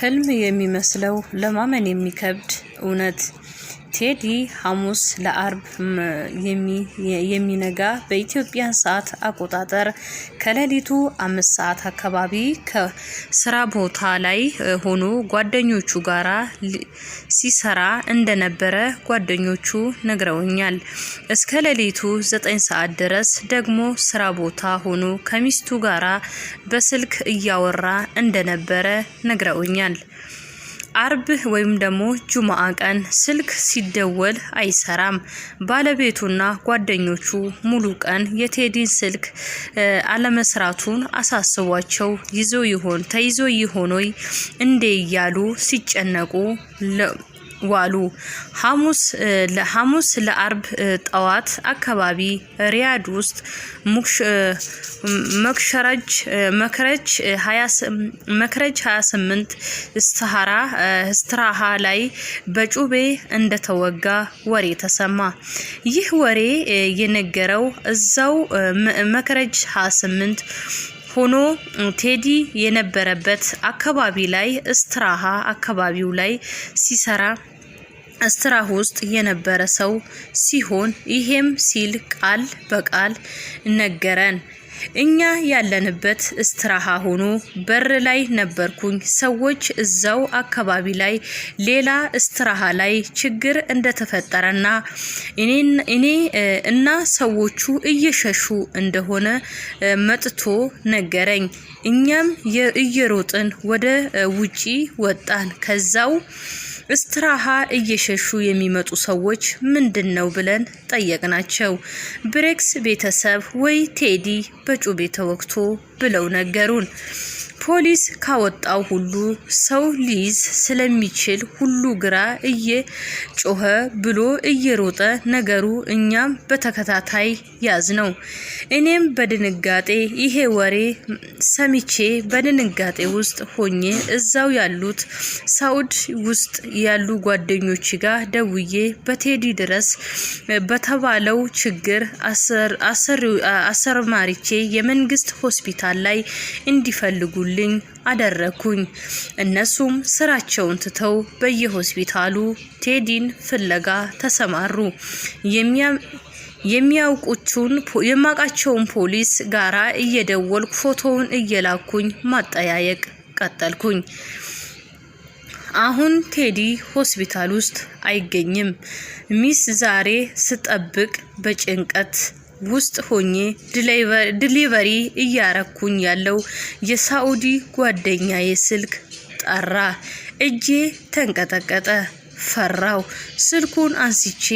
ህልም የሚመስለው ለማመን የሚከብድ እውነት ቴዲ ሐሙስ ለአርብ የሚነጋ በኢትዮጵያ ሰዓት አቆጣጠር ከሌሊቱ አምስት ሰዓት አካባቢ ከስራ ቦታ ላይ ሆኖ ጓደኞቹ ጋራ ሲሰራ እንደነበረ ጓደኞቹ ነግረውኛል። እስከ ሌሊቱ ዘጠኝ ሰዓት ድረስ ደግሞ ስራ ቦታ ሆኖ ከሚስቱ ጋራ በስልክ እያወራ እንደነበረ ነግረውኛል። አርብ ወይም ደግሞ ጁማአ ቀን ስልክ ሲደወል አይሰራም። ባለቤቱና ጓደኞቹ ሙሉ ቀን የቴዲን ስልክ አለመስራቱን አሳስቧቸው ይዞ ይሆን ተይዞ ይሆኖይ እንዴ እያሉ ሲጨነቁ ዋሉ። ሐሙስ ለሐሙስ ለአርብ ጠዋት አካባቢ ሪያድ ውስጥ መክሸረጅ መክረጅ 28 ስተሃራ ስትራሃ ላይ በጩቤ እንደተወጋ ወሬ ተሰማ። ይህ ወሬ የነገረው እዛው መክረጅ 28 ሆኖ ቴዲ የነበረበት አካባቢ ላይ እስትራሃ አካባቢው ላይ ሲሰራ እስትራህ ውስጥ የነበረ ሰው ሲሆን ይሄም ሲል ቃል በቃል ነገረን። እኛ ያለንበት እስትራሃ ሆኖ በር ላይ ነበርኩኝ። ሰዎች እዛው አካባቢ ላይ ሌላ እስትራሃ ላይ ችግር እንደተፈጠረና እኔ እና ሰዎቹ እየሸሹ እንደሆነ መጥቶ ነገረኝ። እኛም እየሮጥን ወደ ውጪ ወጣን። ከዛው እስትራሃ እየሸሹ የሚመጡ ሰዎች ምንድን ነው ብለን ጠየቅናቸው። ብሬክስ ቤተሰብ ወይ ቴዲ በጩቤ ተወግቶ ብለው ነገሩን። ፖሊስ ካወጣው ሁሉ ሰው ሊይዝ ስለሚችል ሁሉ ግራ እየጮኸ ብሎ እየሮጠ ነገሩ እኛም በተከታታይ ያዝ ነው። እኔም በድንጋጤ ይሄ ወሬ ሰምቼ በድንጋጤ ውስጥ ሆኜ እዛው ያሉት ሳውድ ውስጥ ያሉ ጓደኞች ጋር ደውዬ በቴዲ ድረስ በተባለው ችግር አሰርማሪቼ የመንግስት ሆስፒታል ላይ እንዲፈልጉልኝ እንዲያደርጉልኝ አደረግኩኝ። እነሱም ስራቸውን ትተው በየሆስፒታሉ ቴዲን ፍለጋ ተሰማሩ። የሚያውቁቹን የማውቃቸውን ፖሊስ ጋራ እየደወልኩ ፎቶውን እየላኩኝ ማጠያየቅ ቀጠልኩኝ። አሁን ቴዲ ሆስፒታል ውስጥ አይገኝም። ሚስ ዛሬ ስጠብቅ በጭንቀት ውስጥ ሆኜ ዲሊቨሪ እያረኩኝ ያለው የሳኡዲ ጓደኛዬ ስልክ ጠራ። እጄ ተንቀጠቀጠ። ፈራው። ስልኩን አንስቼ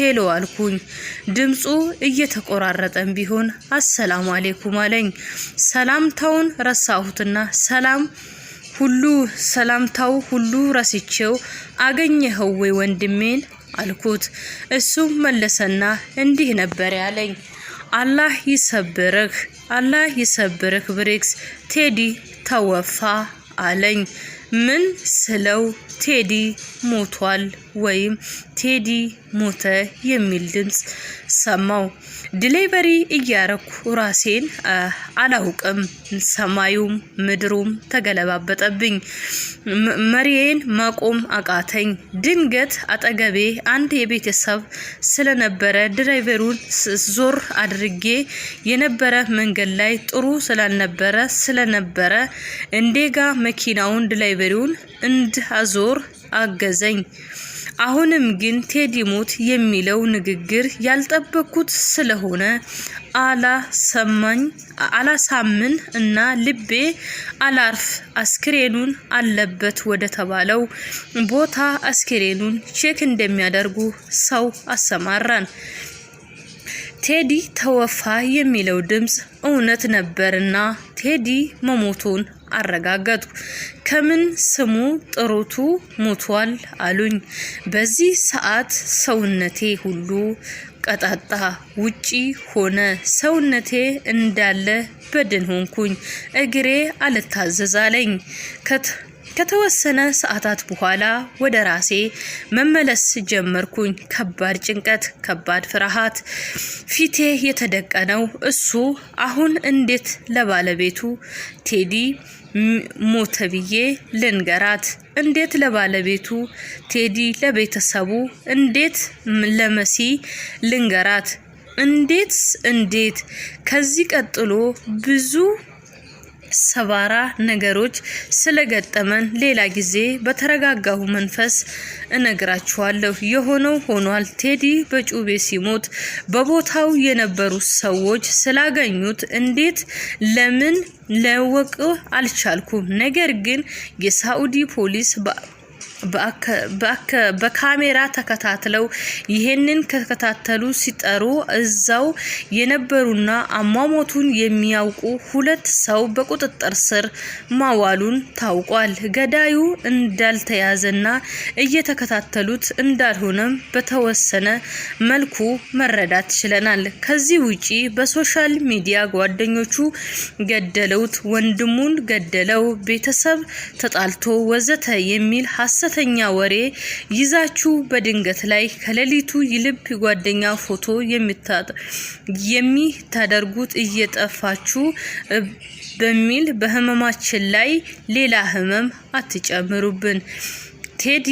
ሄሎ አልኩኝ። ድምፁ እየተቆራረጠን ቢሆን አሰላሙ አሌኩም አለኝ። ሰላምታውን ረሳሁትና ሰላም ሁሉ ሰላምታው ሁሉ ረስቼው አገኘኸው ወይ ወንድሜን አልኩት። እሱም መለሰና እንዲህ ነበር ያለኝ አላህ ይሰብርህ፣ አላህ ይሰብርህ ብሪክስ ቴዲ ተወፋ አለኝ። ምን ስለው ቴዲ ሞቷል ወይም ቴዲ ሞተ የሚል ድምፅ ሰማው። ዲሌቨሪ እያረኩ ራሴን አላውቅም። ሰማዩም ምድሩም ተገለባበጠብኝ። መሪዬን ማቆም አቃተኝ። ድንገት አጠገቤ አንድ የቤተሰብ ስለነበረ ድራይቨሩን ዞር አድርጌ የነበረ መንገድ ላይ ጥሩ ስላልነበረ ስለነበረ እንዴጋ መኪናውን እንድ አዞር አገዘኝ። አሁንም ግን ቴዲ ሞት የሚለው ንግግር ያልጠበኩት ስለሆነ አላሰማኝ አላሳምን እና ልቤ አላርፍ አስክሬኑን አለበት ወደ ተባለው ቦታ አስክሬኑን ቼክ እንደሚያደርጉ ሰው አሰማራን። ቴዲ ተወፋ የሚለው ድምፅ እውነት ነበርና ቴዲ መሞቱን አረጋገጡ። ከምን ስሙ ጥሩቱ ሙቷል አሉኝ። በዚህ ሰዓት ሰውነቴ ሁሉ ቀጣጣ ውጪ ሆነ። ሰውነቴ እንዳለ በድን ሆንኩኝ። እግሬ አልታዘዛለኝ! ከተወሰነ ሰዓታት በኋላ ወደ ራሴ መመለስ ጀመርኩኝ። ከባድ ጭንቀት፣ ከባድ ፍርሃት ፊቴ የተደቀነው እሱ አሁን እንዴት ለባለቤቱ ቴዲ ሞተ ብዬ ልንገራት? እንዴት ለባለቤቱ ቴዲ፣ ለቤተሰቡ እንዴት ለመሲ ልንገራት? እንዴት እንዴት ከዚህ ቀጥሎ ብዙ ሰባራ ነገሮች ስለገጠመን ሌላ ጊዜ በተረጋጋሁ መንፈስ እነግራችኋለሁ። የሆነው ሆኗል። ቴዲ በጩቤ ሲሞት በቦታው የነበሩ ሰዎች ስላገኙት እንዴት ለምን ለወቅ አልቻልኩም። ነገር ግን የሳኡዲ ፖሊስ በካሜራ ተከታትለው ይሄንን ከተከታተሉ ሲጠሩ እዛው የነበሩና አሟሞቱን የሚያውቁ ሁለት ሰው በቁጥጥር ስር ማዋሉን ታውቋል። ገዳዩ እንዳልተያዘና እየተከታተሉት እንዳልሆነም በተወሰነ መልኩ መረዳት ችለናል። ከዚህ ውጪ በሶሻል ሚዲያ ጓደኞቹ ገደለውት፣ ወንድሙን ገደለው፣ ቤተሰብ ተጣልቶ ወዘተ የሚል ሀሰት ሐሰተኛ ወሬ ይዛችሁ በድንገት ላይ ከሌሊቱ የልብ ጓደኛ ፎቶ የሚታደርጉት እየጠፋችሁ በሚል በህመማችን ላይ ሌላ ህመም አትጨምሩብን። ቴዲ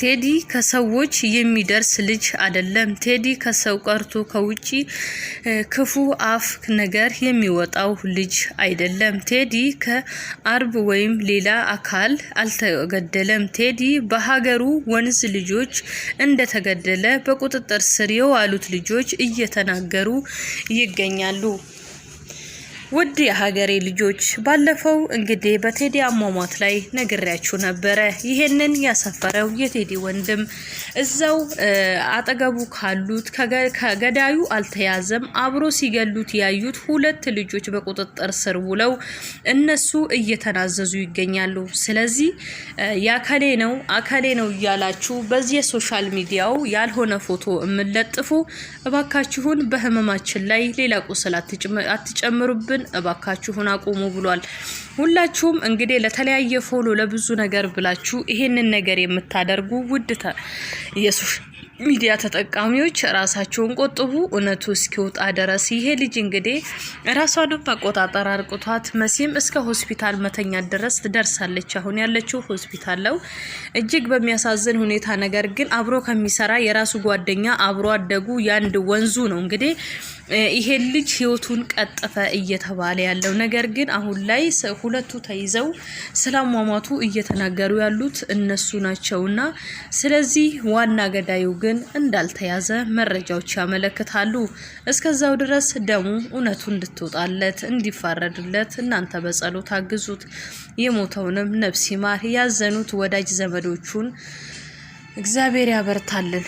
ቴዲ ከሰዎች የሚደርስ ልጅ አይደለም። ቴዲ ከሰው ቀርቶ ከውጪ ክፉ አፍ ነገር የሚወጣው ልጅ አይደለም። ቴዲ ከአርብ ወይም ሌላ አካል አልተገደለም። ቴዲ በሀገሩ ወንዝ ልጆች እንደተገደለ በቁጥጥር ስር የዋሉት ልጆች እየተናገሩ ይገኛሉ። ውድ የሀገሬ ልጆች ባለፈው እንግዲህ በቴዲ አሟሟት ላይ ነግሬያችሁ ነበረ። ይሄንን ያሰፈረው የቴዲ ወንድም እዛው አጠገቡ ካሉት ከገዳዩ አልተያዘም። አብሮ ሲገሉት ያዩት ሁለት ልጆች በቁጥጥር ስር ውለው እነሱ እየተናዘዙ ይገኛሉ። ስለዚህ የአከሌ ነው አከሌ ነው እያላችሁ በዚህ የሶሻል ሚዲያው ያልሆነ ፎቶ የምለጥፉ እባካችሁን በህመማችን ላይ ሌላ ቁስል አትጨምሩብን። ያለብን እባካችሁን አቁሙ ብሏል። ሁላችሁም እንግዲህ ለተለያየ ፎሎ ለብዙ ነገር ብላችሁ ይሄንን ነገር የምታደርጉ ውድ ኢየሱስ ሚዲያ ተጠቃሚዎች ራሳቸውን ቆጥቡ፣ እውነቱ እስኪወጣ ድረስ። ይሄ ልጅ እንግዲህ ራሷንም መቆጣጠር አርቅቷት መሲም እስከ ሆስፒታል መተኛ ድረስ ትደርሳለች። አሁን ያለችው ሆስፒታል ነው፣ እጅግ በሚያሳዝን ሁኔታ። ነገር ግን አብሮ ከሚሰራ የራሱ ጓደኛ አብሮ አደጉ ያንድ ወንዙ ነው እንግዲህ ይሄ ልጅ ህይወቱን ቀጠፈ እየተባለ ያለው ነገር ግን አሁን ላይ ሁለቱ ተይዘው ስለአሟሟቱ እየተናገሩ ያሉት እነሱ ናቸውና ስለዚህ ዋና ገዳዩ ግን ግን እንዳልተያዘ መረጃዎች ያመለክታሉ። እስከዛው ድረስ ደሙ እውነቱ እንድትወጣለት እንዲፋረድለት እናንተ በጸሎት አግዙት። የሞተውንም ነፍስ ይማር። ያዘኑት ወዳጅ ዘመዶቹን እግዚአብሔር ያበርታልን።